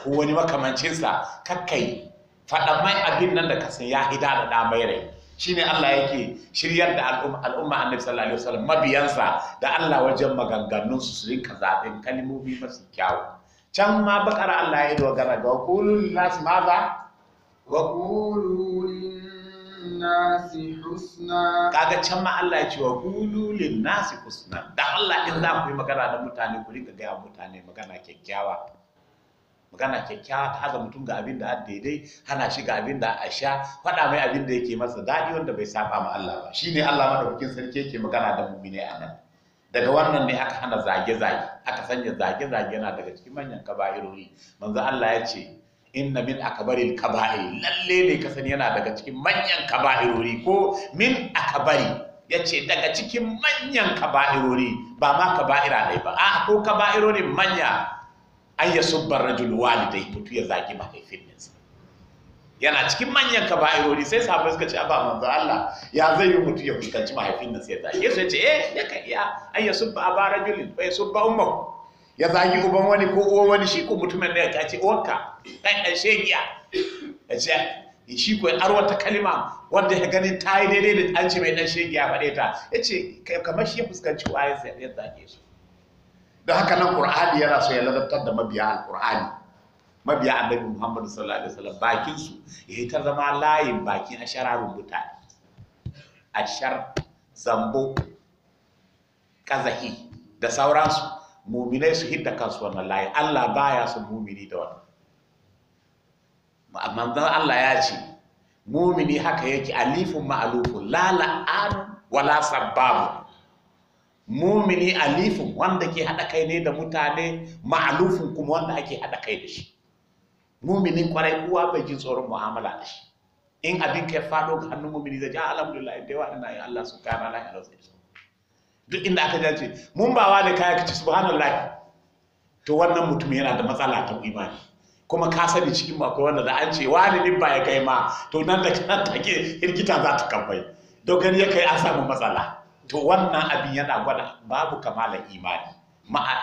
ko wani makamancinsa kakkai faɗa mai abin nan da kasan ya hida da ɗa mai rai shine Allah yake shiryar da al'umma annabi sallallahu alaihi wasallam mabiyansa da Allah wajen maganganun su su rinka zaben kalimomi masu kyawu can ma bakara Allah ya dogara ga qulul nas wa nasi husna kaga can ma Allah ya ce wa nasi husna da Allah in za ku yi magana da mutane ku rinka ga mutane magana kyakkyawa magana kyakkyawa ta haza mutum ga abin da a daidai hana shi ga abin da a sha faɗa mai abin da yake masa daɗi wanda bai saba ma Allah ba shine Allah madaukakin sarki yake magana da mu'mine a nan daga wannan ne aka hana zage-zage aka sanya zage-zage yana daga cikin manyan kaba'irori manzo Allah ya ce inna min akbaril kaba'ir lalle ne ka sani yana daga cikin manyan kaba'irori ko min akabari ya ce daga cikin manyan kaba'irori ba ma kaba'ira ne ba a ko kaba'irori manya an ya subbar rajul walidai mutu ya zagi mahaifinsa yana cikin manyan ka ba'irori sai sabon suka ce aba manzo Allah ya zai yi mutu ya fuskanci mahaifin nan sai ta Yesu ya ce eh ya ka iya an ya subba aba rajulin fa ya subba ummu ya zagi uban wani ko uwan wani shi ko mutumin da ya kace uwanka kai dan shegiya ya ce shi ko ar wata kalima wanda ya gani ta yi daidai da an ce mai dan shegiya faɗe ta ya ce kamar shi ya fuskanci uwayensa ya zage su da haka nan ƙur'ani yana so ya ladabtar da mabiya al-ƙur'ani mabiya annabi muhammadu sallallahu alaihi wasallam bakin su ya ta zama layin bakin rubuta. A shar zambo kazahi da sauransu muminai su hidda kansu wannan layi Allah baya son mumini da wannan amma Allah ya ce mumini haka yake alifun ma'alufun la la'an wala sababu mumini alifin wanda ke haɗa kai ne da mutane ma'alufin kuma wanda ake haɗa kai da shi muminin kwarai uwa bai ji tsoron mu'amala da shi in abin kai faɗo ga hannun mumini zai ji alhamdulillah da yawa ina yi Allah su kana lahi a duk inda aka jace mun ba wa da kaya ka subhanallah to wannan mutum yana da matsala ta imani kuma ka sani cikin ba wanda da an ce wani din ba ya kai ma to nan da kan take hirgita za ta kafai ya kai an samu matsala to wannan abin yana gwada babu kamala imani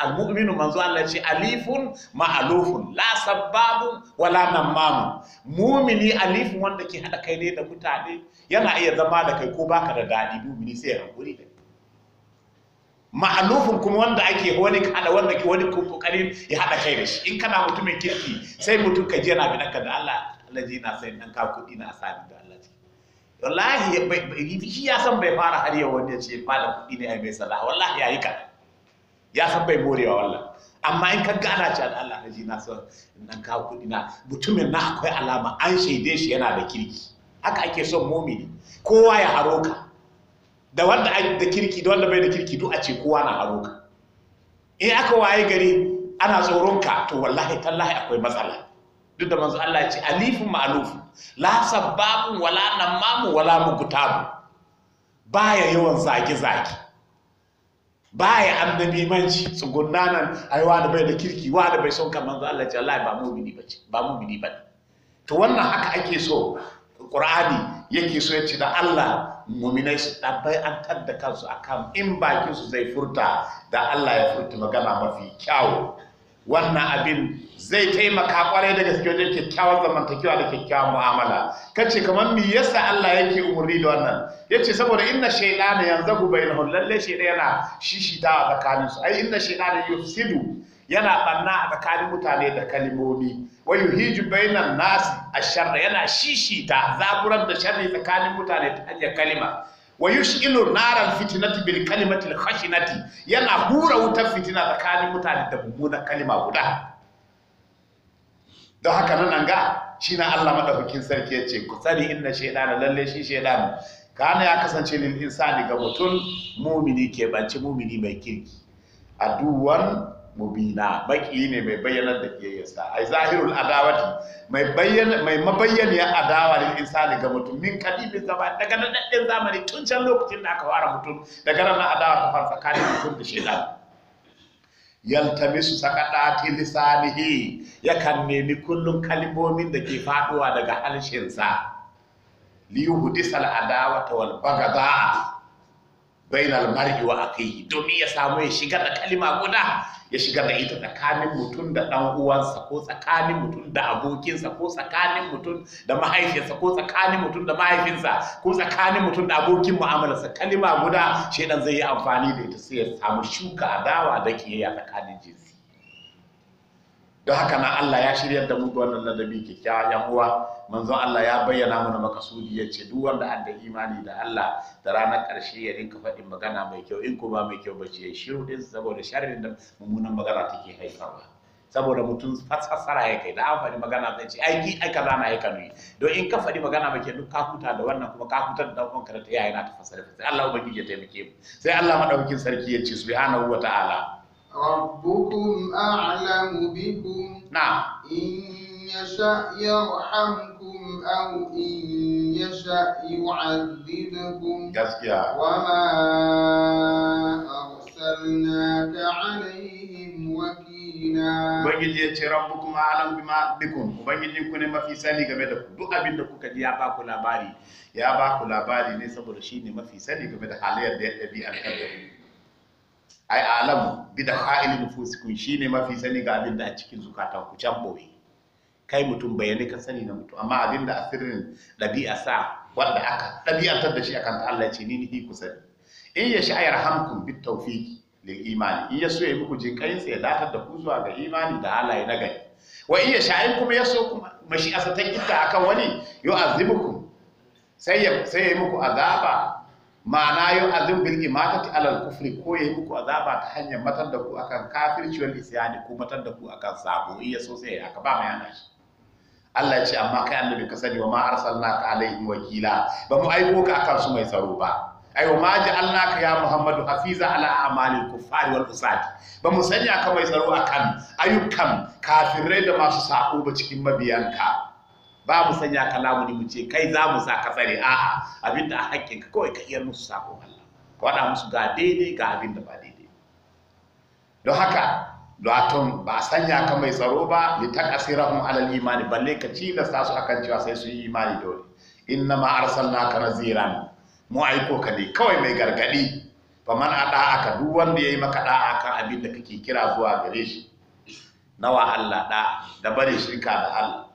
al-mu'minu manzo Allah ce alifun ma'alufun la sababu wala namamu mumini alifun wanda ke hada kai ne da mutane yana iya zama da kai ko baka da dadi mumini sai hankuri da ma'alufun kuma wanda ake wani kada wanda ke wani kokarin ya hada kai da shi in kana mutumin kirki sai mutum ka je yana binaka da Allah Allah ji na sai dan ka kudi na asali da wallahi shi ya san bai fara har yau wanda ce da kuɗi ne mai salaha wallahi yi ka ya san bai morewa wallahi amma in ka gana ci da Allah ji na san nan kawo kuɗi na mutumin na akwai alama an shaide shi yana da kirki haka ake son mumini kowa ya haro ka da wanda da kirki da wanda bai da kirki duk a ce kowa na haro ka in aka waye gari ana tsoron ka to wallahi tallahi akwai matsala duk da manzo Allah ya ce alifun ma'aluf la sabbabun wala namamu wala mukutabu baya yawan zage zage baya annabi manci tsugunna nan ai wani bai da kirki wani bai son kan manzo Allah ce wallahi ba mu'mini bace ba mu'mini bane to wannan haka ake so Qur'ani yake so ya ce da Allah muminai su ɗabbai an tadda kansu akan in bakin su zai furta da Allah ya furta magana mafi kyau wannan abin zai taimaka kwarai da gaske wajen kyakkyawar zamantakewa da kyakkyawar mu'amala kace kamar me yasa Allah yake umurni da wannan Ya ce saboda inna shaytana yanzagu bainahum lalle shaytan yana shishita a tsakaninsu ai inna shaytana yufsidu yana banna a tsakanin mutane da kalimomi wa yuhiju bainan nas asharra yana shishita zaburar da sharri tsakanin mutane ta hanyar kalima wa yush'ilu naral fitnati bil kalimati al khashinati yana hura wutar fitina tsakanin mutane da mummunan kalima guda don haka nan ga shi na Allah madaukakin sarki ya ce ku sani inna shaydana lalle shi shaydan kana ya kasance lil insani ga mutum mumini ke banci mumini mai kirki aduwan mubina baki ne mai bayyanar da kiyayyarsa ai zahirul adawati mai bayyana mai mabayyaniya adawa lil insani ga mutum min qadimin zama daga nan dadin zamani tun can lokacin da aka fara mutum daga nan adawa ta fara tsakanin mutum da shida yaltamisu sakadati lisanihi yakan nemi kullun kalibomin da ke faduwa daga halshinsa al adawata wal bagada'a bainal mar'i wa akhihi domin ya samu ya shiga da kalima guda ya shiga da ita tsakanin mutum da dan uwansa ko tsakanin mutum da abokinsa ko tsakanin mutum da mahaifinsa, ko tsakanin mutum da mahaifinsa ko tsakanin mutum da abokin mu'amalarsa kalima guda shedan zai yi amfani da ita sai ya samu shuka adawa da a tsakanin jinsi don haka na Allah ya shirya da mu da wannan ladabi kyakkyawa yan uwa manzon Allah ya bayyana mana makasudi ya ce duk wanda an da imani da Allah da ranar ƙarshe ya rinka faɗin magana mai kyau in ko mai kyau ba ce shiru din saboda sharrin da mummunan magana take haifarwa saboda mutum fassara ya kai da an faɗi magana zai ce ai ki ai kaza na ai kanu don in ka faɗi magana ba ke duk ka kuta da wannan kuma ka kuta da daukan ka da ta na ta fasara sai Allah ubangiji ya taimake mu sai Allah madaukin sarki ya ce subhanahu wa ta'ala ربكم أعلم بكم نعم إن يشأ يرحمكم أو إن يشأ يعذبكم وما أرسلناك عليهم وكيلا ubangiji ya ce rabbukum alam bima bikum ubangijin ku ne mafi sani game da ku duk abin da kuka ji ya ba ku labari ya ba ku labari ne saboda shi ne mafi sani game da halayyar da ya ɗabi'ar kan ai alam bi da nufusikun shi ne mafi sani ga abin da a cikin zukatan ku can boye kai mutum bayani ka sani na mutum amma abin da asirin ɗabi'a sa wanda aka ɗabi'antar da shi akan ta Allah ce ni ni ku sani in ya ayar hamkum bi taufiki lil imani in ya so ya muku jinkai sai datar da ku zuwa ga imani da halaye na gari wa in ya kuma ya so kuma mashi asa ta gitta akan wani azibukum sai ya sai ya muku azaba ma'ana yau azim bil imatati alal kufri ko ya yi muku azaba ta hanyar matar da ku akan kafirci wal isyani ko matar da ku akan sabo iya sosai aka ba mai shi Allah ya ce amma kai annabi ka sani wa ma arsalnaka alaihim wakila ba mu aiko ka akan su mai tsaro ba yau ma ka ya muhammadu hafiza ala amalil kuffari wal usati ba mu sanya ka mai tsaro akan ayyukan kafirai da masu sabo ba cikin mabiyanka ba mu sanya ka lamuni mu ce kai za mu sa ka tsare a'a abin da a hakkin ka kawai ka iya musu sakon Allah ka wada musu ga daidai ga abin da ba daidai don haka latin ba sanya ka mai tsaro ba li taqasirahum alal imani balle ka ci da su akan cewa sai su yi imani dole inna ma arsalnaka naziran mu aiko ka ne kawai mai gargadi fa man aka duk wanda ya yi maka ɗa'a kan abin da kake kira zuwa gare shi nawa Allah da da bare shirka da Allah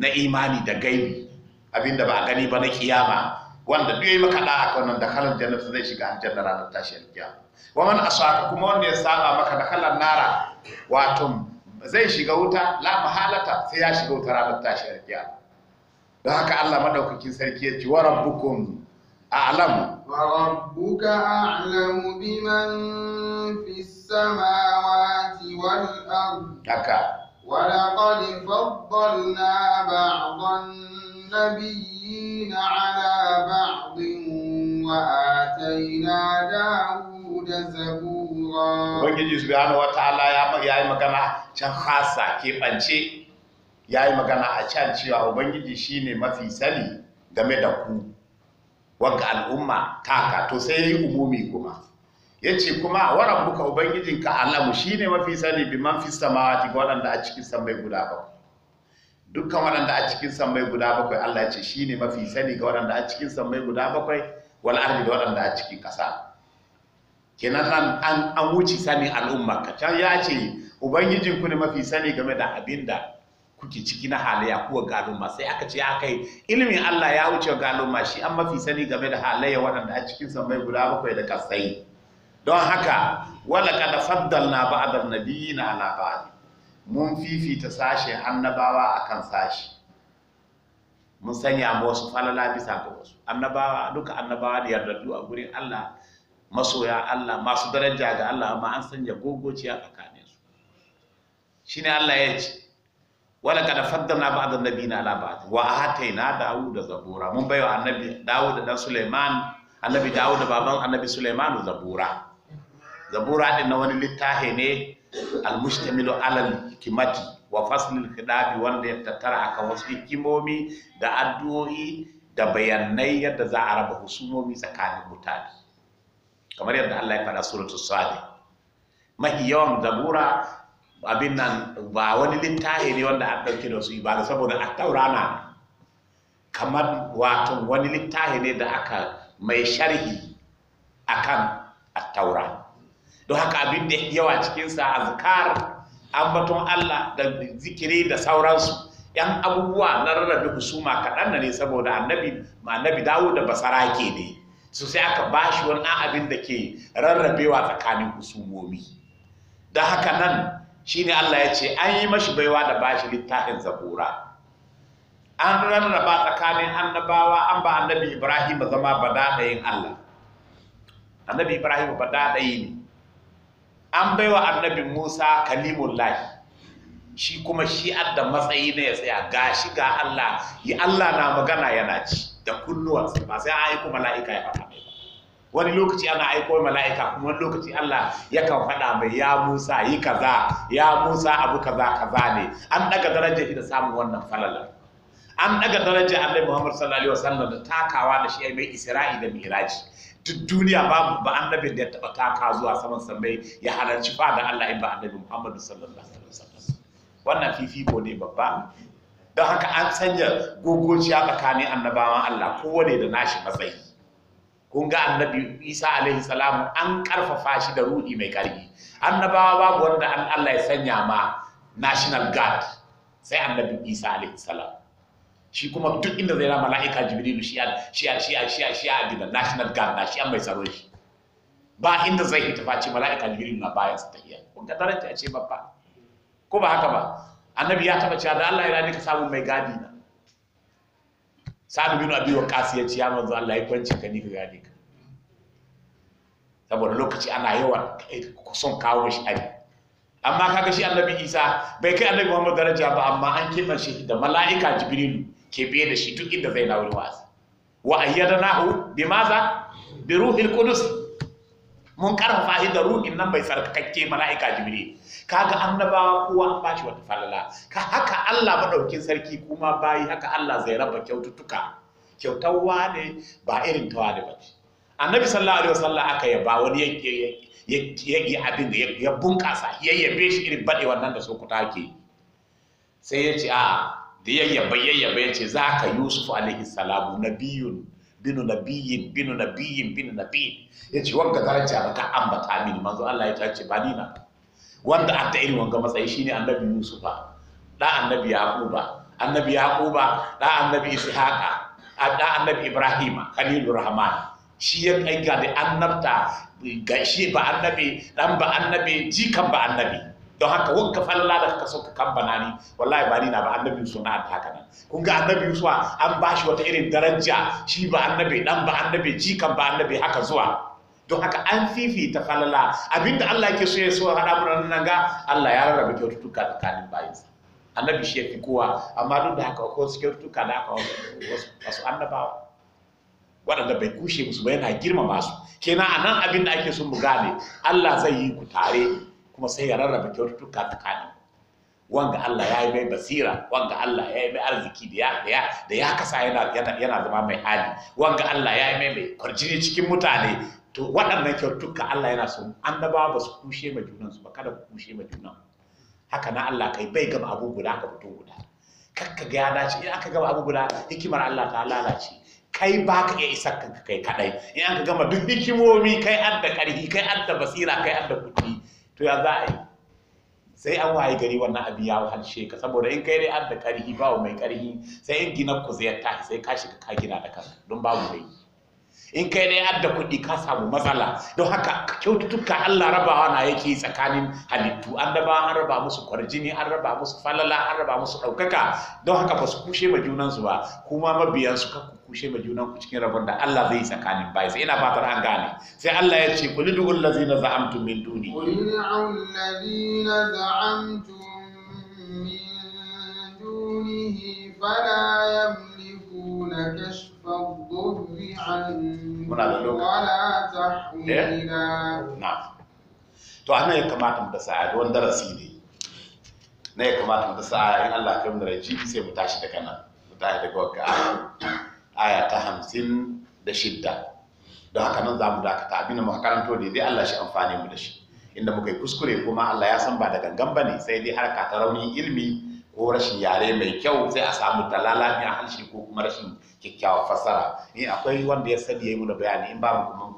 na imani da gaibi abinda ba a gani ba na kiyama wanda duk yayi maka da kan nan da kalan jannatu zai shiga aljanna ranar tashi alkiyama wa man asaka kuma wanda ya saba maka da kalan nara wato zai shiga wuta la mahalata sai ya shiga wuta ranar tashi alkiyama don haka Allah madaukakin sarki ya ci wa rabbukum a'lam wa rabbuka a'lamu biman fis samawati wal ard haka ولقد فضلنا النبيين على بعض وآتينا داود زبورا Ubangiji subhanahu wa ta'ala ya yi magana can hasa keɓance ya yi magana a can cewa Ubangiji shine mafi sani game da ku wagga al'umma taka to sai yi umumi kuma ya ce kuma waran buka ubangijinka alamu shine mafi sani bi man fi samawati ga waɗanda a cikin sammai guda bakwai dukkan waɗanda a cikin sammai guda bakwai Allah ce shi ne mafi sani ga waɗanda a cikin sammai guda bakwai wal ardi da waɗanda a cikin ƙasa kenan nan an an wuce sani al'umma ka can ya ce ubangijin ku ne mafi sani game da abin da kuke ciki na halayya kuwa ga al'umma sai aka ce aka yi ilimin Allah ya wuce ga al'umma shi an mafi sani game da halayya waɗanda a cikin sammai guda bakwai da kasai don haka wala kada faddalna ba'd an-nabiyina ala ba'd mun fifita sashen annabawa akan sashi mun sanya masu falala bisa ga wasu annabawa duka annabawa da yardaddu a gurin Allah masoya Allah masu daraja ga Allah amma an sanya gogoci a tsakanin su shine Allah ya ce wala kada ba ba'd nabi na ba'd wa a dawo da zabura mun baiwa annabi da dan Suleiman annabi da baban annabi da zabura zabura din na wani littafi ne almustamilu alal hikimati wa faslil khidabi wanda ya tattara akan wasu hikimomi da addu'o'i da bayanai yadda za a raba husumomi tsakanin mutane kamar yadda Allah ya faɗa suratul Sadi. mahi yawan zabura abin nan ba wani littafi ne wanda an ɗauke da su ibada saboda a taurana kamar wato wani littafi ne da aka mai sharhi akan attaura don haka abin da ya yawa cikinsa azkar ambaton Allah da zikiri da sauransu yan abubuwa na rarrabe husuma kaɗan ne saboda annabi ma annabi dawo da basara ke ne su sai aka bashi wannan abin da ke rarrabewa tsakanin husumomi da haka nan shine Allah ya ce an yi mashi baiwa da bashi littafin zabura an rarraba tsakanin annabawa an ba annabi Ibrahim zama badaɗayin Allah annabi Ibrahim badaɗayi ne an baiwa annabi Musa kalimullahi shi kuma shi adda matsayi ne ya tsaya ga shi ga Allah yi Allah na magana yana ci da kunnuwansa ba sai an aiko mala'ika ya faɗa mai wani lokaci ana aiko mala'ika kuma wani lokaci Allah ya kan faɗa mai ya Musa yi kaza ya Musa abu kaza kaza ne an daga darajar shi da samun wannan falalar an daga darajar Annabi Muhammad sallallahu alaihi wasallam da takawa da shi mai Isra'i da Miraji duk duniya babu ba annabin da ya taba taka zuwa saman sammai ya halarci ba da Allah in ba annabi Muhammadu sallallahu alaihi wasallam wannan fifiko ne babba don haka an sanya gogociya tsakanin annabawan Allah kowane da nashi matsayi kun ga annabi Isa alaihi salam an karfafa shi da ruhi mai karfi annabawa babu wanda Allah ya sanya ma national guard sai annabi Isa alaihi salam shi kuma duk inda zai rama mala'ika jibrilu shi shi shi shi shi da national guard na shi an mai tsaro shi ba inda zai hita face mala'ika jibrilu na bayan sa tafiya kun ga daraja ce babba ko ba haka ba annabi ya taba cewa da Allah ya rani ka samu mai gadi na sa'ad bin abi kasi ya ce ya manzo Allah ya kwance ka ni ka gadi ka saboda lokaci ana yawan son kawo shi ai amma kaga shi annabi isa bai kai annabi muhammad daraja ba amma an kima shi da mala'ika jibrilu ke biye da shi duk inda zai na wa? wa'azi wa ayyadnahu bimaza bi ruhil qudus mun karfafa shi da ruhin nan bai sarkakke mala'ika jibril kaga annabawa kowa an bashi wata falala ka haka Allah madaukin sarki kuma bayi haka Allah zai raba kyaututtuka kyautawa ne ba irin tawa ne ba annabi sallallahu alaihi wasallam aka yaba wani ya yi abin ya bunkasa ya yabe shi irin bade wannan da sokuta ke sai ya ce a da ya yaba ya ce yace ka yusuf alaihi salamu nabiyun binu nabiyin binu nabiyin binu nabiyin yace wanga ce a ka ambata min manzo Allah ya tace ba ni na wanda a ta irin wanga matsayi shine annabi yusuf da annabi yaquba annabi yaquba da annabi ishaqa da annabi ibrahima khalilur rahman shi ya kai ga da annabta ga shi ba annabi dan ba annabi jikan ba annabi don haka wanka falala da ka sauka kan banani wallahi ba ni na ba annabi yusuf na haka nan kun ga annabi yusuf an ba shi wata irin daraja shi ba annabi dan ba annabi jikan ba annabi haka zuwa don haka an fifita falala abinda Allah yake so ya so hada mu nan ga Allah ya rarraba kyaututtuka kalin bayin annabi shi ya fi kowa amma duk da haka ko kyaututtuka da haka wasu annabawa waɗanda bai kushe musu ba yana girmama su kenan a nan abin da ake son mu gane Allah zai yi ku tare kuma sai ya rarraba kyaututtuka tsakanin wanga Allah ya yi mai basira wanga Allah ya yi mai arziki da ya da ya da kasa yana zama mai hali wanga Allah ya yi mai mai kwarjini cikin mutane to waɗannan kyaututtuka Allah yana so annabawa ba su kushe ma junan su ba kada ku kushe ma junan haka na Allah kai bai gama abu guda ka fito guda kakka ga ya dace in aka gama abu guda hikimar Allah ta lalace kai ba ka iya isar kanka kai kadai in aka gama duk hikimomi kai adda karhi kai adda basira kai adda kuɗi to ya za a yi sai an waye gari wannan abin ya harshe ka saboda in kai ne an da karhi babu mai karhi sai in gina ku zai ta sai ka shiga ka gina da kanka don babu mai in kai dai adda kuɗi ka samu matsala don haka kyaututtuka Allah rabawa na yake tsakanin halittu an daba an raba musu kwarjini an raba musu falala an raba musu ɗaukaka don haka ba su kushe ma junansu ba kuma mabiyansu su kan kushe ma ku cikin rabon da Allah zai tsakanin bai sai ina fatar an gane sai Allah ya ce kulli dukul ladzina za'amtum min duni ladzina min dunihi fala yamlikuna kashfa الضر عنه ولا تحويلا نعم to ana ya kamata mu da sa'a don darasi ne na ya kamata mu da sa'a in Allah kai mu da ji sai mu tashi daga nan mu tashi daga wakka aya ta hamsin da shidda don haka nan za mu dakata abin da muka karanto ne dai Allah shi amfani mu da shi inda muka yi kuskure kuma Allah ya san ba da gangan bane sai dai harka ta rauni ilmi ko rashin yare mai kyau sai a samu dalala a harshe ko kuma rashin kyakkyawar fasara. Ni akwai wanda ya sani ya yi muna bayani in babu kuma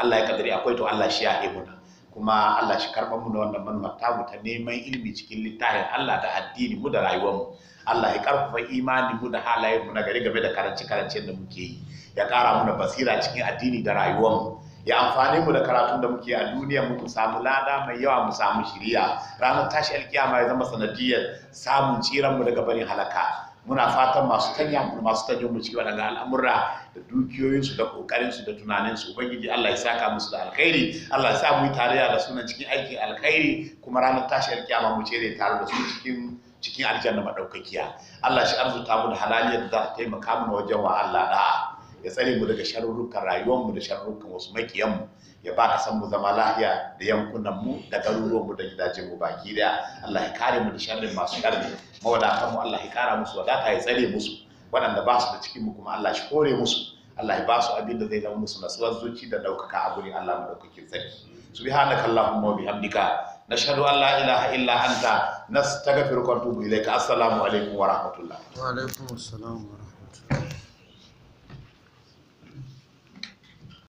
Allah ya kadari akwai to Allah shi ya yi muna kuma Allah shi karɓar mu da wannan manufar tamu ta neman ilimi cikin littafin Allah da addini mu da rayuwar mu Allah ya karfafa imani mu da halayen mu na gari game da karance karance da muke yi ya ƙara mu da basira cikin addini da rayuwar mu ya amfani mu da karatun da muke a duniya mu samu lada mai yawa mu samu shiriya ranar tashi alkiyama ya zama sanadiyar samun tsiran mu daga barin halaka muna fatan masu tanya mu masu tanya mu cikin daga al'amura da dukiyoyinsu da ƙoƙarinsu da tunaninsu ubangiji Allah ya saka musu da alkhairi Allah ya sa mu tarayya da sunan cikin aikin alkhairi kuma ranar tashi alkiyama mu ce zai tare da su cikin cikin aljanna madaukakiya Allah shi arzuta mu da halaliyar da za ta taimaka mu wajen wa Allah da'a ya tsare mu daga sharurrukan rayuwarmu da sharurrukan wasu makiyanmu ya ba ka san mu zama lahiya da yankunan mu da garuruwan mu da gidajen mu baki daya Allah ya kare mu da sharrin masu sharri mawadatan mu Allah ya kara musu wadata ya tsare musu waɗanda ba su da cikin mu kuma Allah shi kore musu Allah ya ba su abin da zai zama musu nasuwar zuci da daukaka a gurin Allah mu dauke sarki subhanaka allahumma wa bihamdika nashhadu an la ilaha illa anta nastaghfiruka wa atubu ilayka assalamu alaikum wa rahmatullah wa alaikum assalam wa rahmatullah